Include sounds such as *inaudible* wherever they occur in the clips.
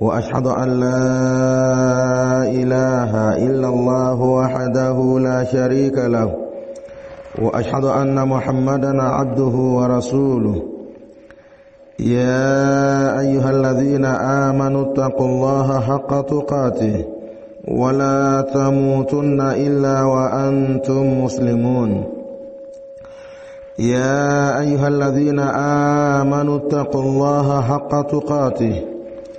وأشهد أن لا إله إلا الله وحده لا شريك له وأشهد أن محمدا عبده ورسوله يا أيها الذين آمنوا اتقوا الله حق تقاته ولا تموتن إلا وأنتم مسلمون يا أيها الذين آمنوا اتقوا الله حق تقاته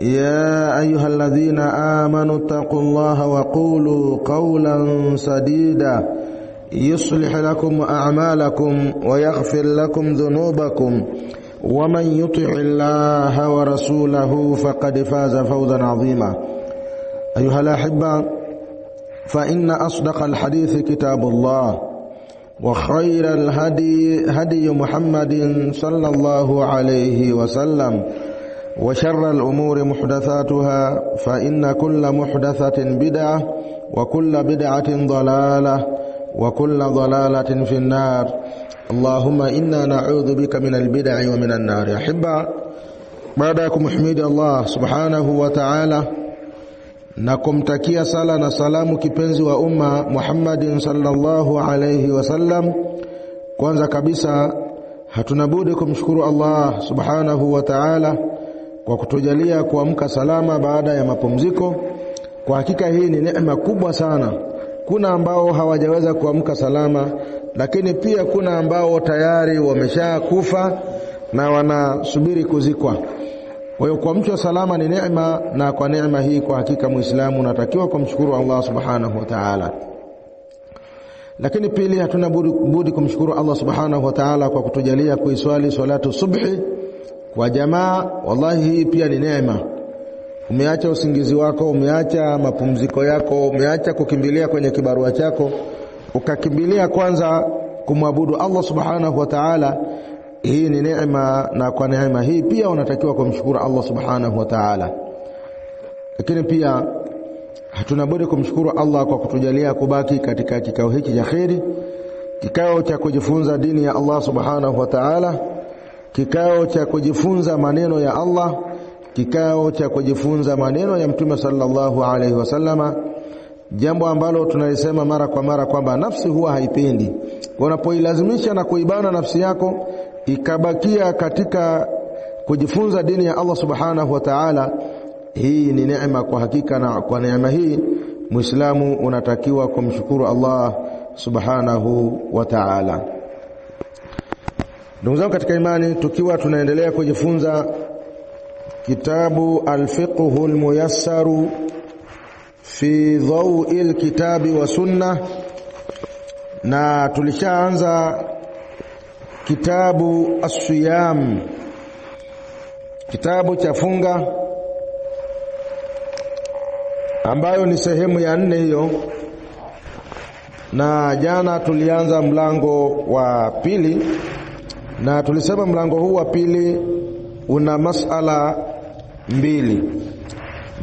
يا أيها الذين آمنوا اتقوا الله وقولوا قولا سديدا يصلح لكم أعمالكم ويغفر لكم ذنوبكم ومن يطع الله ورسوله فقد فاز فوزا عظيما أيها الأحبة فإن أصدق الحديث كتاب الله وخير الهدي هدي محمد صلى الله عليه وسلم وشر الأمور محدثاتها فإن كل محدثة بدعة وكل بدعة ضلالة وكل ضلالة في النار اللهم إنا نعوذ بك من البدع ومن النار أحبا بعدكم حميد الله سبحانه وتعالى نكم تكيا صلاة سلام كبنز وأمة محمد صلى الله عليه وسلم كوانزا كبسا هتنبودكم شكر الله سبحانه وتعالى kwa kutujalia kuamka salama baada ya mapumziko. Kwa hakika hii ni neema kubwa sana. Kuna ambao hawajaweza kuamka salama, lakini pia kuna ambao tayari wameshakufa na wanasubiri kuzikwa. Kwa hiyo kuamshwa salama ni neema, na kwa neema hii kwa hakika Muislamu unatakiwa kumshukuru Allah subhanahu wa ta'ala. Lakini pili, hatuna budi kumshukuru Allah subhanahu wa ta'ala kwa kutujalia kuiswali swalatu subhi kwa jamaa. Wallahi, hii pia ni neema. Umeacha usingizi wako, umeacha mapumziko yako, umeacha kukimbilia kwenye kibarua chako, ukakimbilia kwanza kumwabudu Allah subhanahu wa ta'ala. Hii ni neema, na kwa neema hii pia unatakiwa kumshukuru Allah subhanahu wa ta'ala. Lakini pia hatuna budi kumshukuru Allah kwa kutujalia kubaki katika kikao hiki cha kheri, kikao cha kujifunza dini ya Allah subhanahu wa ta'ala kikao cha kujifunza maneno ya Allah, kikao cha kujifunza maneno ya Mtume sallallahu alaihi wasallama, jambo ambalo tunalisema mara kwa mara kwamba nafsi huwa haipendi. Unapoilazimisha na kuibana nafsi yako ikabakia katika kujifunza dini ya Allah subhanahu wa ta'ala, hii ni neema kwa hakika, na kwa neema hii Muislamu unatakiwa kumshukuru Allah subhanahu wa ta'ala. Ndugu zangu katika imani, tukiwa tunaendelea kujifunza kitabu Alfiqhu Lmuyassaru fi dhaui lkitabi wa sunna, na tulishaanza kitabu Assiyam, kitabu cha funga, ambayo ni sehemu ya nne hiyo, na jana tulianza mlango wa pili na tulisema mlango huu wa pili una masala mbili.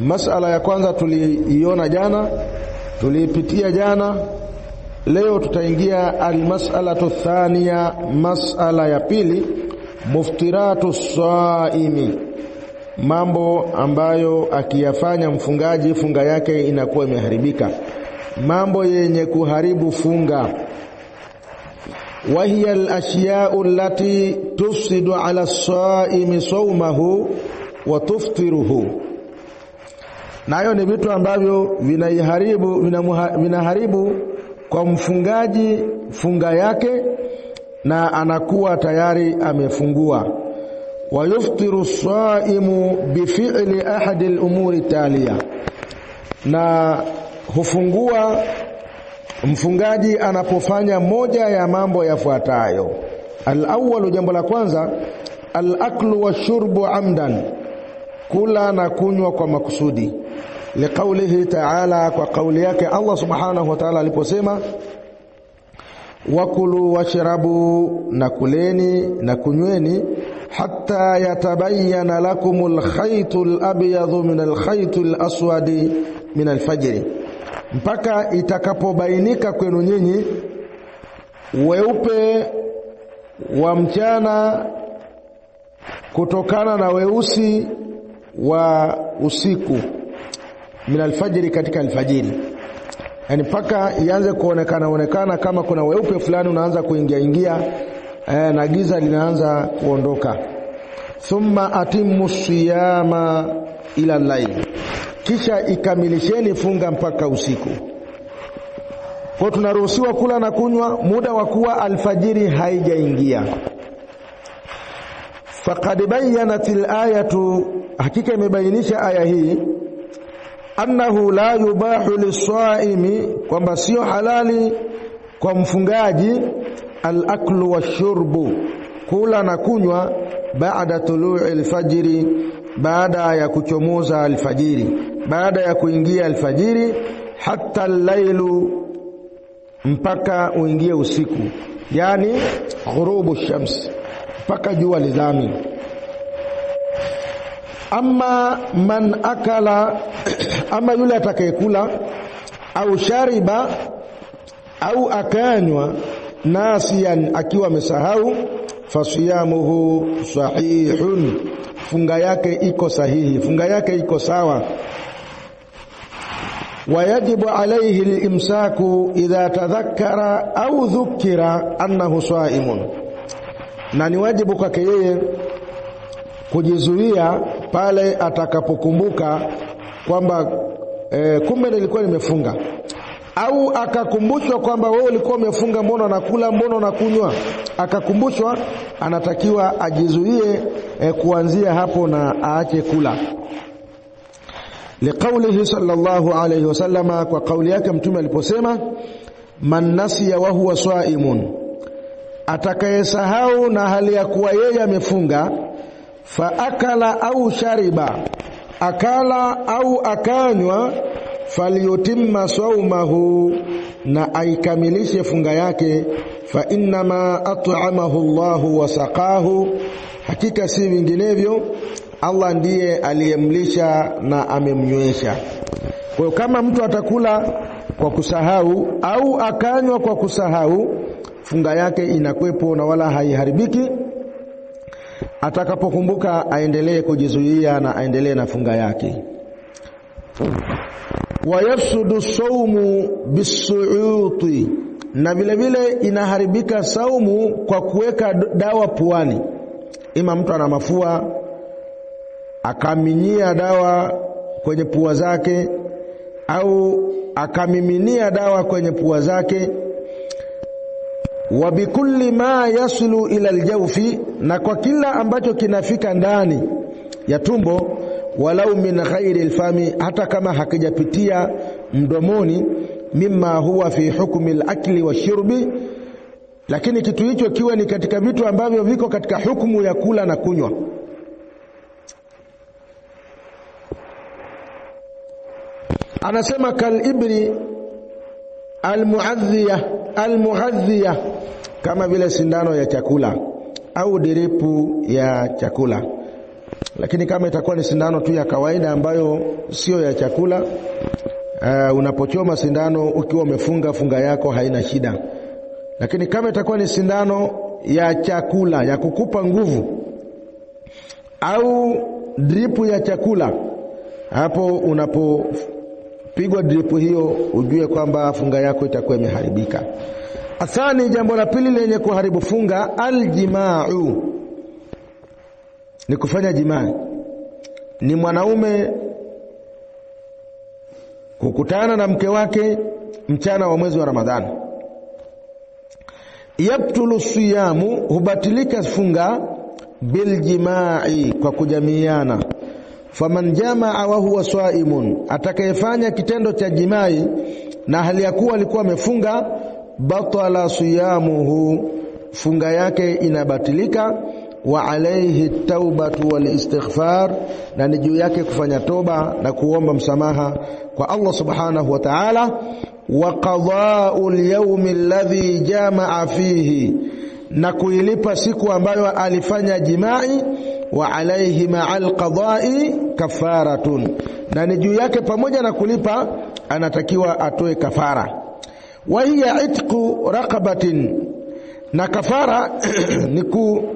Masala ya kwanza tuliiona jana, tuliipitia jana. Leo tutaingia almasalatu thania, masala ya pili, muftiratu saimi, mambo ambayo akiyafanya mfungaji funga yake inakuwa imeharibika, mambo yenye kuharibu funga allati tufsidu 'ala as-sa'imi sawmahu wa tuftiruhu nayo ni vitu ambavyo vinaiharibu vinaharibu kwa mfungaji funga yake na anakuwa tayari amefungua. wa as saimu bifili ahadi lumuri talia, na hufungua mfungaji anapofanya moja ya mambo yafuatayo. Alawalu, jambo la kwanza, alaklu washurbu amdan, kula na kunywa kwa makusudi. Liqaulihi taala, kwa kauli yake Allah subhanahu wa taala aliposema wakulu washrabu, na kuleni na kunyweni, hatta yatabayana lakum alkhaitu labyadhu min alkhaiti laswadi min alfajri mpaka itakapobainika kwenu nyinyi weupe wa mchana kutokana na weusi wa usiku, min alfajiri, katika alfajiri, yani mpaka ianze kuonekana onekana kama kuna weupe fulani unaanza kuingia ingia, eh, na giza linaanza kuondoka. Thumma atimmu siyama ila laili kisha ikamilisheni funga mpaka usiku. Kwa tunaruhusiwa kula na kunywa muda wa kuwa alfajiri haijaingia. Faqad bayyanat alayatu, hakika imebainisha aya hii annahu la yubahu lisaimi, kwamba sio halali kwa mfungaji alaklu washurbu, kula na kunywa baada tului lfajiri baada ya kuchomoza alfajiri, baada ya kuingia alfajiri, hata lailu, mpaka uingie usiku, yani ghurubu shams, mpaka jua lizami. Amma man akala, *clears throat* ama yule atakayekula au shariba au akanywa nasiyan, akiwa amesahau, fasiyamuhu sahihun funga yake iko sahihi, funga yake iko sawa. Wayajibu alaihi limsaku idha tadhakkara au dhukira annahu saimun, na ni wajibu kwake yeye kujizuia pale atakapokumbuka kwamba e, kumbe nilikuwa nimefunga au akakumbushwa kwamba wewe ulikuwa umefunga, mbona unakula, mbona kunywa akakumbushwa, anatakiwa ajizuie eh, kuanzia hapo na aache kula liqaulihi sallallahu alayhi wasallama, kwa kauli yake Mtume aliposema man nasiya wa huwa saimun, atakayesahau na hali ya kuwa yeye amefunga, fa akala au shariba, akala au akanywa falyutimma saumahu, na aikamilishe funga yake. Fa innama at'amahu Allahu wa saqahu, hakika si vinginevyo Allah ndiye aliyemlisha na amemnywesha. Kwa hiyo kama mtu atakula kwa kusahau au akanywa kwa kusahau, funga yake inakwepo na wala haiharibiki. Atakapokumbuka aendelee kujizuia na aendelee na funga yake wayafsudu saumu bisuuti, na vile vile inaharibika saumu kwa kuweka dawa puani. Ima mtu ana mafua akaminyia dawa kwenye pua zake, au akamiminia dawa kwenye pua zake. wa bikulli ma yaslu ila aljawfi, na kwa kila ambacho kinafika ndani ya tumbo walau min ghairi lfami, hata kama hakijapitia mdomoni, mimma huwa fi hukmi lakli washurbi, lakini kitu hicho kiwe ni katika vitu ambavyo viko katika hukumu ya kula na kunywa. Anasema kalibri almuadhiya almughadhiya, kama vile sindano ya chakula au diripu ya chakula lakini kama itakuwa ni sindano tu ya kawaida ambayo sio ya chakula, uh, unapochoma sindano ukiwa umefunga funga yako haina shida. Lakini kama itakuwa ni sindano ya chakula ya kukupa nguvu au dripu ya chakula, hapo unapopigwa dripu hiyo ujue kwamba funga yako itakuwa imeharibika. Athani, jambo la pili lenye kuharibu funga, aljimau ni kufanya jimaa ni mwanaume kukutana na mke wake mchana wa mwezi wa Ramadhani. Yabtulu siyamu, hubatilika funga biljimai, kwa kujamiana. Faman jamaa wa huwa swaimun, atakayefanya kitendo cha jimai na hali ya kuwa alikuwa amefunga, batala siyamuhu, funga yake inabatilika wa alayhi taubatu wal istighfar, na ni juu yake kufanya toba na kuomba msamaha kwa Allah subhanahu wa ta'ala. Wa qadau lyaumi alladhi jamaa fihi, na kuilipa siku ambayo alifanya jimai. Wa alaihi maa al-qadaa kafaratun, na ni juu yake pamoja na kulipa anatakiwa atoe kafara. Wa hiya itqu raqabatin, na kafara *clears throat* ni ku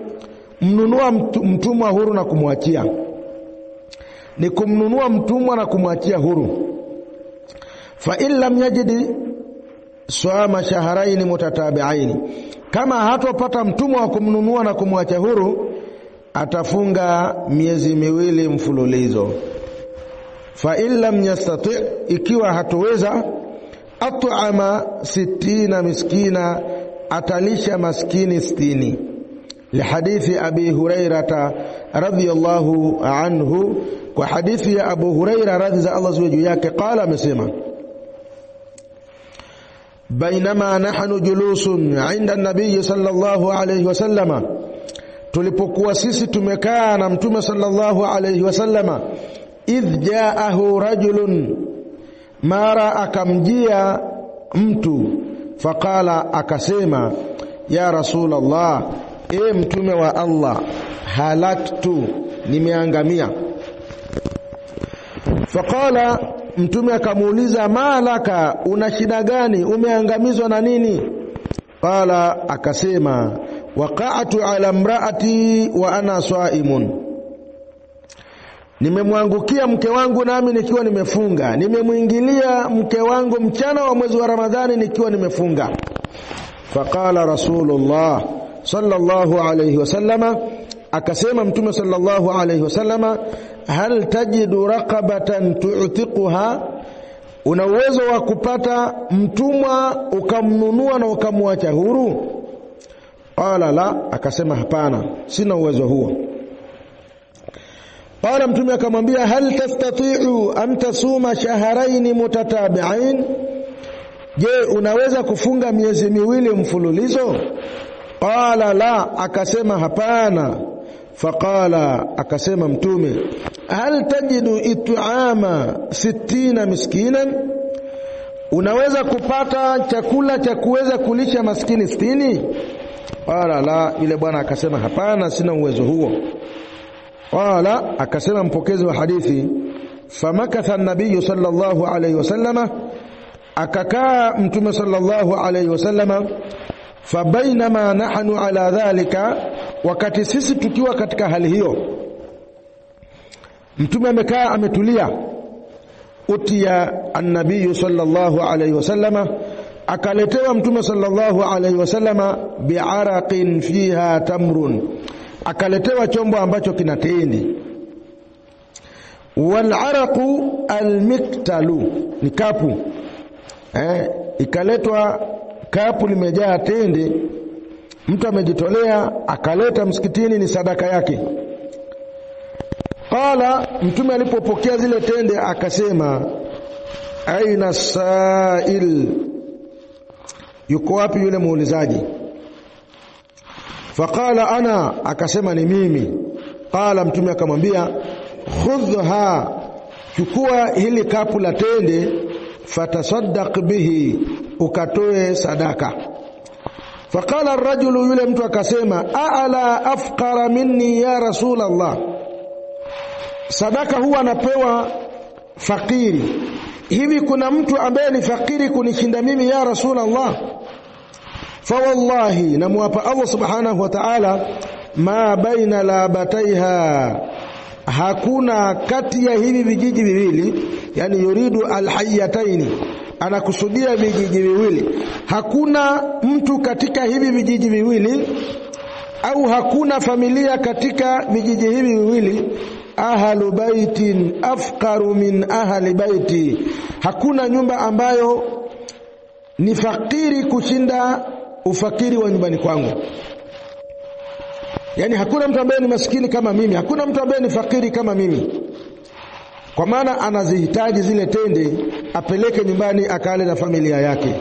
mnunua mtumwa huru na kumwachia ni kumnunua mtumwa na kumwachia huru. fa in lam yajidi swama shaharaini mutatabiaini, kama hatopata mtumwa wa kumnunua na kumwacha huru, atafunga miezi miwili mfululizo. fa in lam yastati, ikiwa hatoweza, at'ama sitina miskina, atalisha maskini sitini lihadithi abi hurairata radhiyallahu anhu, kwa hadithi ya Abu Huraira radhi za Allah ziwe juu yake, qala, amesema bainama nahnu julusun inda nabiyi sallallahu alayhi wasallama, tulipokuwa sisi tumekaa na mtume sallallahu alayhi wasallama, idh jaahu rajulun, mara akamjia mtu, faqala, akasema ya Rasulullah Ee mtume wa Allah, halaktu, nimeangamia. Faqala, mtume akamuuliza, malaka, una shida gani? Umeangamizwa na nini? Qala, akasema, waqa'tu ala mraati wa ana saimun, nimemwangukia mke wangu nami nikiwa nimefunga. Nimemwingilia mke wangu mchana wa mwezi wa Ramadhani nikiwa nimefunga. Faqala Rasulullah sallallahu alayhi wasallama akasema mtume sallallahu alayhi wasallama hal tajidu raqabatan tu'tiquha una uwezo wa kupata mtumwa ukamnunua na ukamwacha huru qala la akasema hapana sina uwezo huo qala mtume akamwambia hal tastati'u an tasuma shahrayn mutatabi'ain je unaweza kufunga miezi miwili mfululizo qala la, akasema hapana. Faqala, akasema Mtume, hal tajidu it'ama sittina miskinan, unaweza kupata chakula cha kuweza kulisha maskini sitini? Qala la, yule bwana akasema hapana, sina uwezo huo. Qala, akasema mpokezi wa hadithi, famakatha nabiyu sallallahu alayhi wasallama, akakaa Mtume sallallahu alayhi wasallama fabainama nahnu ala dhalika, wakati sisi tukiwa katika hali hiyo, mtume amekaa ametulia. Utiya annabiyu sallallahu alayhi wasallama, akaletewa mtume sallallahu alayhi wasallama biaraqin fiha tamrun, akaletewa chombo ambacho kina tindi. Walaraqu almiktalu ni kapu eh, ikaletwa kapu limejaa tende, mtu amejitolea akaleta msikitini, ni sadaka yake. Qala, Mtume alipopokea zile tende akasema, aina sail, yuko wapi yule muulizaji? Faqala ana, akasema ni mimi. Qala, Mtume akamwambia, khudha, chukua hili kapu la tende, fatasaddaq bihi ukatoe sadaka. Faqala rajulu, yule mtu akasema, ala afqara minni ya Rasulallah, sadaka huwa anapewa fakiri. Hivi kuna mtu ambaye ni fakiri kunishinda mimi ya Rasulallah? Fawallahi, namwapa Allah subhanahu wa ta'ala, ma baina labataiha hakuna kati ya hivi vijiji viwili, yani yuridu alhayataini anakusudia vijiji viwili. Hakuna mtu katika hivi vijiji viwili au hakuna familia katika vijiji hivi viwili ahlu baitin afqaru min ahli baiti, hakuna nyumba ambayo ni fakiri kushinda ufakiri wa nyumbani kwangu. Yaani hakuna mtu ambaye ni maskini kama mimi, hakuna mtu ambaye ni fakiri kama mimi, kwa maana anazihitaji zile tende apeleke nyumbani akale na familia yake.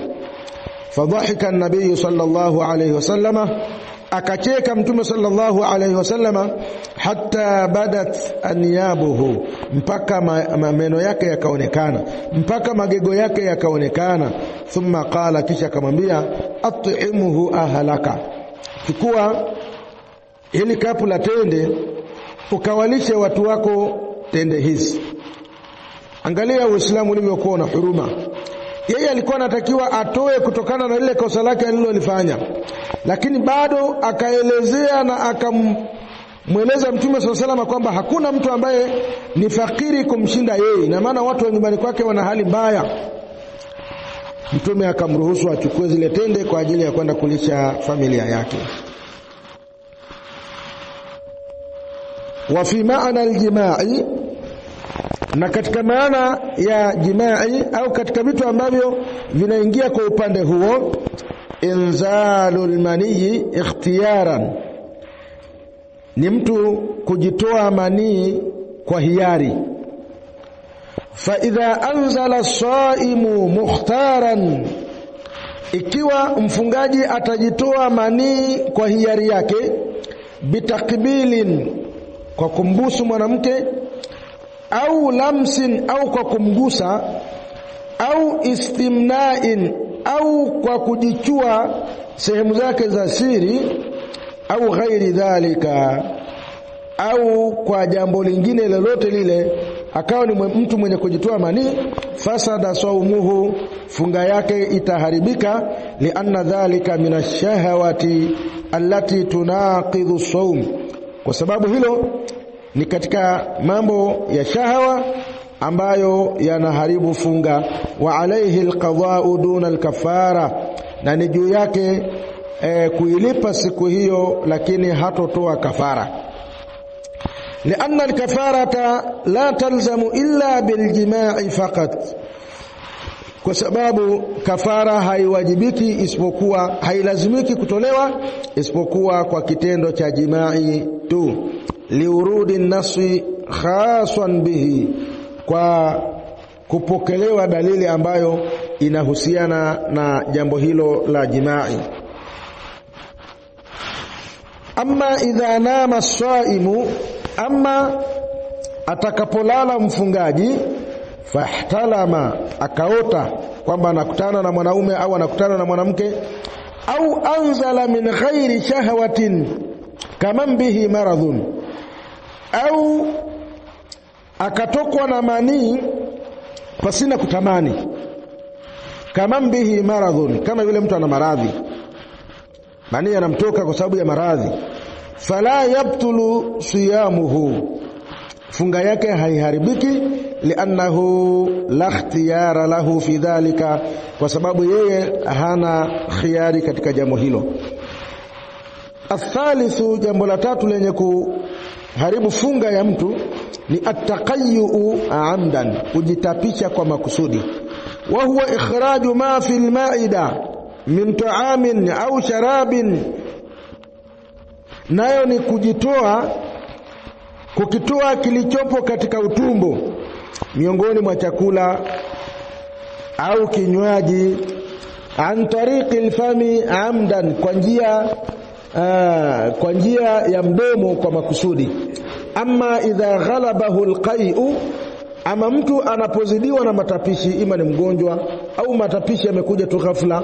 Fadhahika nabiyu sallallahu alayhi wasallama, akacheka Mtume sallallahu alayhi wasallama, hata badat anyabuhu, mpaka meno yake yakaonekana, mpaka magego yake yakaonekana. Thumma qala, kisha akamwambia at'imuhu ahalaka chukua hili kapu la tende ukawalishe watu wako tende hizi Angalia Uislamu ulivyokuwa na huruma. Yeye alikuwa anatakiwa atoe kutokana na lile kosa lake alilolifanya, lakini bado akaelezea na akamweleza Mtume saa salama kwamba hakuna mtu ambaye ni fakiri kumshinda yeye. Ina maana watu wa nyumbani kwake wana hali mbaya. Mtume akamruhusu achukue zile tende kwa ajili ya kwenda kulisha familia yake. wa fi maana aljimai na katika maana ya jimai au katika vitu ambavyo vinaingia kwa upande huo, inzalu lmaniyi ikhtiyaran, ni mtu kujitoa manii kwa hiari. Fa idha anzala saimu mukhtaran, ikiwa mfungaji atajitoa manii kwa hiari yake, bitakbilin, kwa kumbusu mwanamke au lamsin, au kwa kumgusa, au istimnain, au kwa kujichua sehemu zake za siri, au ghairi dhalika, au kwa jambo lingine lolote lile, akawa ni mtu mwenye kujitoa manii, fasada saumuhu, funga yake itaharibika. Lianna dhalika min alshahawati allati tunaqidhu saum, kwa sababu hilo ni katika mambo ya shahawa ambayo yanaharibu funga. Wa alaihi alqadha'u duna alkafara, na ni juu yake e, kuilipa siku hiyo, lakini hatotoa kafara. Lianna alkafarata la talzamu illa biljimai faqat, kwa sababu kafara haiwajibiki isipokuwa, hailazimiki kutolewa isipokuwa kwa kitendo cha jimai tu liurudi nasi khaswan bihi, kwa kupokelewa dalili ambayo inahusiana na jambo hilo la jimai. Amma idha nama saimu, ama atakapolala mfungaji, fahtalama, akaota kwamba anakutana na mwanaume au anakutana na mwanamke au anzala min ghairi shahawatin kaman bihi maradhun au akatokwa na manii pasina kutamani, kama bihi maradhun, kama yule mtu ana maradhi, manii anamtoka kwa sababu ya maradhi. Fala yabtulu siyamuhu, funga yake haiharibiki, liannahu la ikhtiyara lahu fi dhalika, kwa sababu yeye hana khiari katika jambo hilo. Athalithu, jambo la tatu lenye ku haribu funga ya mtu ni atakayuu amdan, kujitapisha kwa makusudi. Wa huwa ikhraju ma fi lmaida min taamin au sharabin, nayo ni kujitoa kukitoa kilichopo katika utumbo miongoni mwa chakula au kinywaji, an tariqi lfami amdan, kwa njia Ah, kwa njia ya mdomo kwa makusudi. Ama idha ghalabahu alqai'u, ama mtu anapozidiwa na matapishi, ima ni mgonjwa au matapishi yamekuja tu ghafla.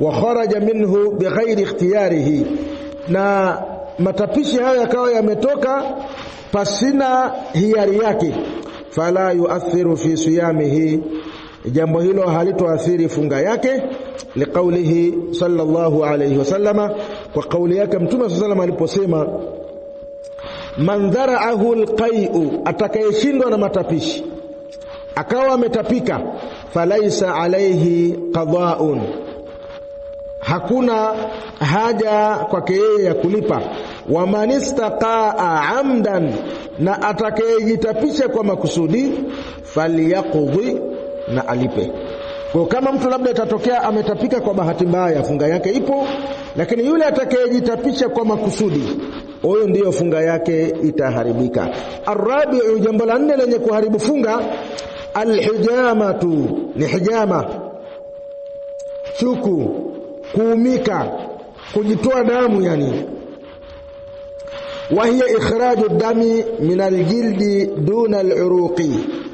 Wa kharaja minhu bighairi ikhtiyarihi, na matapishi hayo yakawa yametoka pasina hiari yake, fala yuathiru fi siyamihi jambo hilo halitoathiri funga yake, liqaulihi sallallahu alayhi wasallama, kwa kauli yake Mtume sallam aliposema, man dharaahu lqaiu, atakayeshindwa na matapishi akawa ametapika, falaisa alayhi qadaun, hakuna haja kwake yeye ya kulipa. wa manistaqaa amdan, na atakayejitapisha kwa makusudi falyaqdi na alipe. Kwa kama mtu labda itatokea ametapika kwa bahati mbaya, funga yake ipo, lakini yule atakayejitapisha kwa makusudi, huyo ndiyo funga yake itaharibika. Arabiu, jambo la nne lenye kuharibu funga, alhijamatu, ni hijama, chuku, kuumika, kujitoa damu yani hiya ikhraju dami min aljildi duna aluruqi,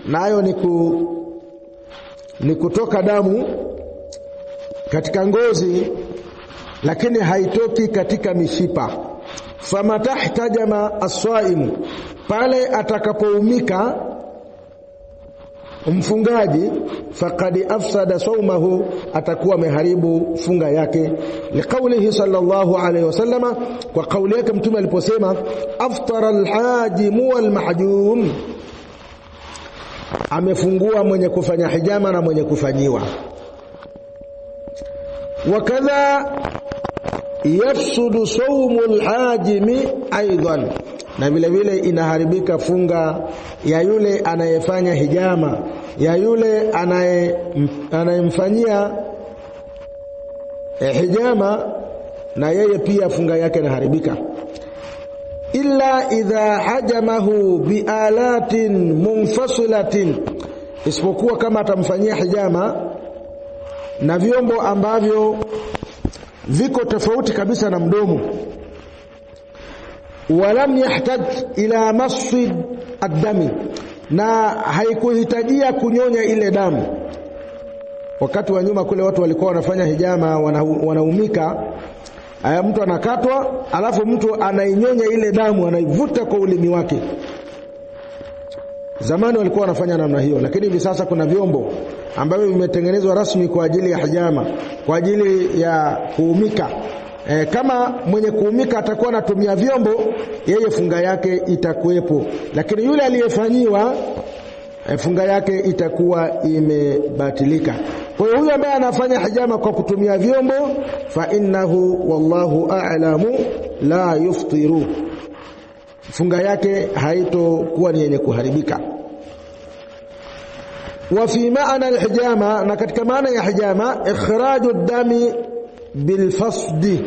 nayo ni ku ni kutoka damu katika ngozi, lakini haitoki katika mishipa. Famatahtajama aswaimu, pale atakapoumika mfungaji, faqad afsada saumahu, atakuwa ameharibu funga yake. Liqaulihi sallallahu alayhi wasallama, kwa kauli yake Mtume aliposema aftara alhajimu walmahjum amefungua mwenye kufanya hijama na mwenye kufanyiwa. Wakadha yafsudu saumu lhajimi aidan, na vile vile inaharibika funga ya yule anayefanya hijama, ya yule anayemfanyia eh, hijama, na yeye pia funga yake inaharibika illa idha hajamahu bialatin munfasilatin, isipokuwa kama atamfanyia hijama na vyombo ambavyo viko tofauti kabisa na mdomo. Walam yahtaj ila maswi addami, na haikuhitajia kunyonya ile damu. Wakati wa nyuma kule watu walikuwa wanafanya hijama, wanaumika Aya, mtu anakatwa, alafu mtu anainyonya ile damu, anaivuta kwa ulimi wake. Zamani walikuwa wanafanya namna hiyo, lakini hivi sasa kuna vyombo ambavyo vimetengenezwa rasmi kwa ajili ya hijama, kwa ajili ya kuumika. E, kama mwenye kuumika atakuwa anatumia vyombo, yeye funga yake itakuwepo, lakini yule aliyefanyiwa Eh, funga yake itakuwa imebatilika. Kwa hiyo huyu ambaye anafanya hijama kwa kutumia vyombo, fa innahu wallahu a'lamu la yuftiru, funga yake haitokuwa ni yenye kuharibika. Wa fi maana alhijama, na katika maana ya hijama, ikhraju dami bilfasdi,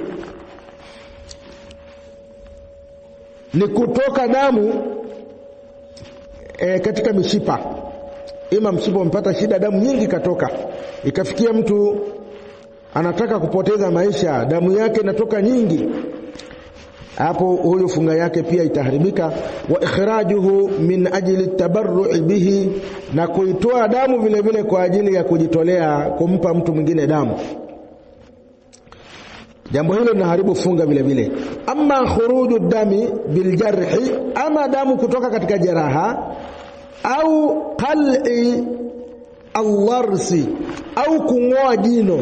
ni kutoka damu e, katika mishipa, ima mshipa umepata shida, damu nyingi katoka, ikafikia mtu anataka kupoteza maisha, damu yake inatoka nyingi, hapo huyu funga yake pia itaharibika. Wa ikhrajuhu min ajli tabarrui bihi, na kuitoa damu vile vile kwa ajili ya kujitolea kumpa mtu mwingine damu jambo hilo linaharibu funga vile vile. Ama khuruju dami biljarhi, ama damu kutoka katika jeraha au qal'i allarsi au kung'oa jino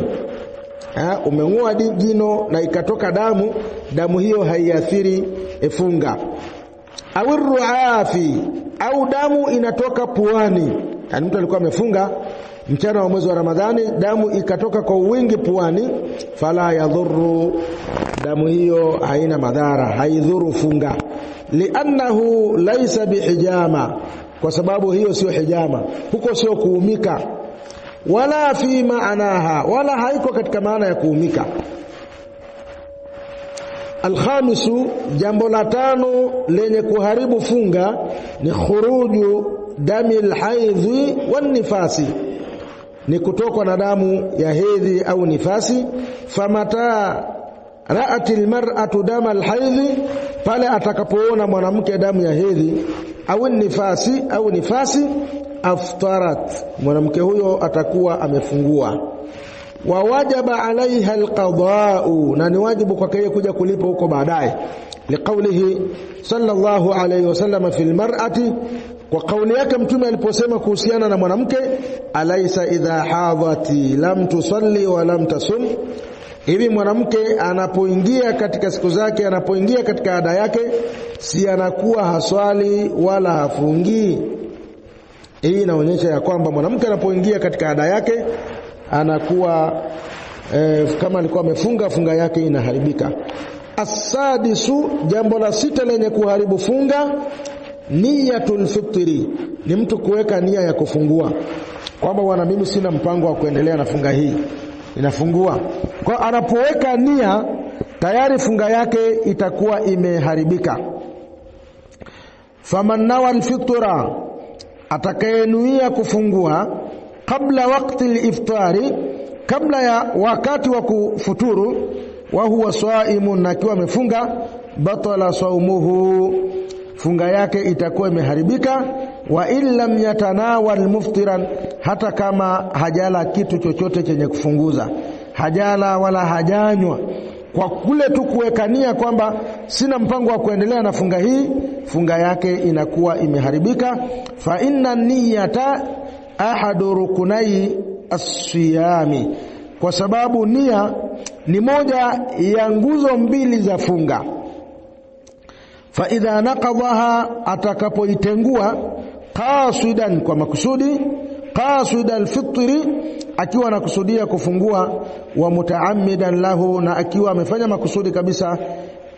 ha, umeng'oa jino na ikatoka damu, damu hiyo haiathiri funga. Au ruafi au damu inatoka puani, yani mtu alikuwa amefunga mchana wa mwezi wa Ramadhani, damu ikatoka kwa wingi puani, fala yadhuru, damu hiyo haina madhara, haidhuru funga, liannahu laisa bihijama kwa sababu hiyo sio hijama, huko sio kuumika, wala fi maanaha, wala haiko katika maana ya kuumika. Alkhamisu, jambo la tano lenye kuharibu funga ni khuruju dami lhaidhi wanifasi, ni kutokwa na damu ya hedhi au nifasi. Famata raati lmar'atu dama lhaidhi, pale atakapoona mwanamke damu ya hedhi au nifasi au nifasi aftarat, mwanamke huyo atakuwa amefungua. Wa wajaba alaiha alqadau, na ni wajibu kwake yeye kuja kulipa huko baadaye, liqaulihi sallallahu alayhi wasallam fi lmarati, kwa kauli yake Mtume aliposema kuhusiana na mwanamke, alaisa idha hadhati lam tusalli wa lam tasum Hivi mwanamke anapoingia katika siku zake, anapoingia katika ada yake, si anakuwa haswali wala hafungi. Hii inaonyesha ya kwamba mwanamke anapoingia katika ada yake anakuwa eh, kama alikuwa amefunga funga yake inaharibika. Asadisu, jambo la sita lenye kuharibu funga, niyatul fitri, ni mtu kuweka nia ya kufungua kwamba bwana, mimi sina mpango wa kuendelea na funga hii, inafungua kwa, anapoweka nia tayari funga yake itakuwa imeharibika faman nawa alfitra, atakayenuia kufungua kabla wakati liftari, kabla ya wakati wa kufuturu, wa huwa saimun, na akiwa amefunga, batala saumuhu, funga yake itakuwa imeharibika wa in lam yatanawal muftiran, hata kama hajala kitu chochote chenye kufunguza, hajala wala hajanywa kwa kule tu kuwekania kwamba sina mpango wa kuendelea na funga hii, funga yake inakuwa imeharibika. fa inna niyata ahadu rukunai asiyami, kwa sababu nia ni moja ya nguzo mbili za funga. fa idha naqadhaha, atakapoitengua qasidan, kwa makusudi qasida alfitri, akiwa anakusudia kufungua, wa mutaammidan lahu, na akiwa amefanya makusudi kabisa,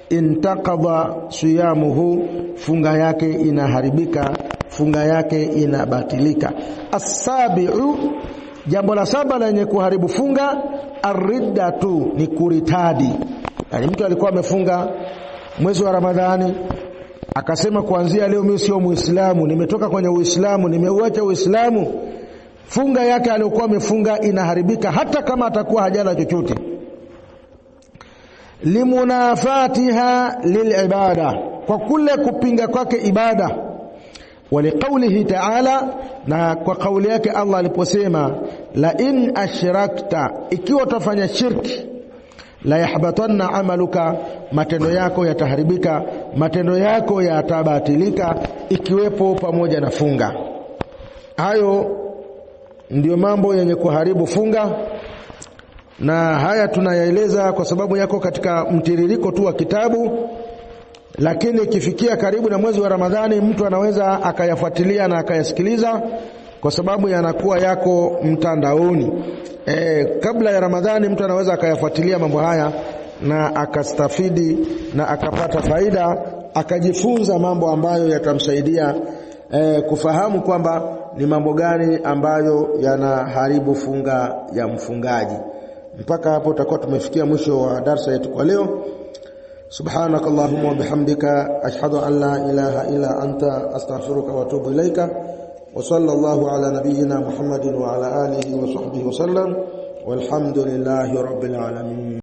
intaqadha siyamuhu, funga yake inaharibika, funga yake inabatilika. Asabiu, jambo la saba lenye kuharibu funga, ariddatu ni kuritadi. Yani mtu alikuwa amefunga mwezi wa Ramadhani akasema kuanzia leo mimi sio Muislamu, nimetoka kwenye Uislamu, nimeuacha Uislamu funga yake aliyokuwa amefunga inaharibika, hata kama atakuwa hajala chochote. Limunafatiha lilibada, kwa kule kupinga kwake ibada. Waliqaulihi taala, na kwa kauli yake Allah aliposema, la in ashrakta, ikiwa utafanya shirki la yahbatanna amaluka, matendo yako yataharibika, matendo yako yatabatilika, ikiwepo pamoja na funga. Hayo ndio mambo yenye kuharibu funga, na haya tunayaeleza kwa sababu yako katika mtiririko tu wa kitabu, lakini ikifikia karibu na mwezi wa Ramadhani, mtu anaweza akayafuatilia na akayasikiliza kwa sababu yanakuwa yako mtandaoni. E, kabla ya Ramadhani mtu anaweza akayafuatilia mambo haya na akastafidi na akapata faida akajifunza mambo ambayo yatamsaidia e, kufahamu kwamba ni mambo gani ambayo yanaharibu funga ya mfungaji. Mpaka hapo tutakuwa tumefikia mwisho wa darsa yetu kwa leo. Subhanaka Allahumma wa bihamdika ashhadu an la ilaha illa anta astaghfiruka wa atubu ilaika wa sallallahu ala nabiyyina Muhammadin wa ala alihi wa sahbihi wasallam walhamdulillahi rabbil alamin.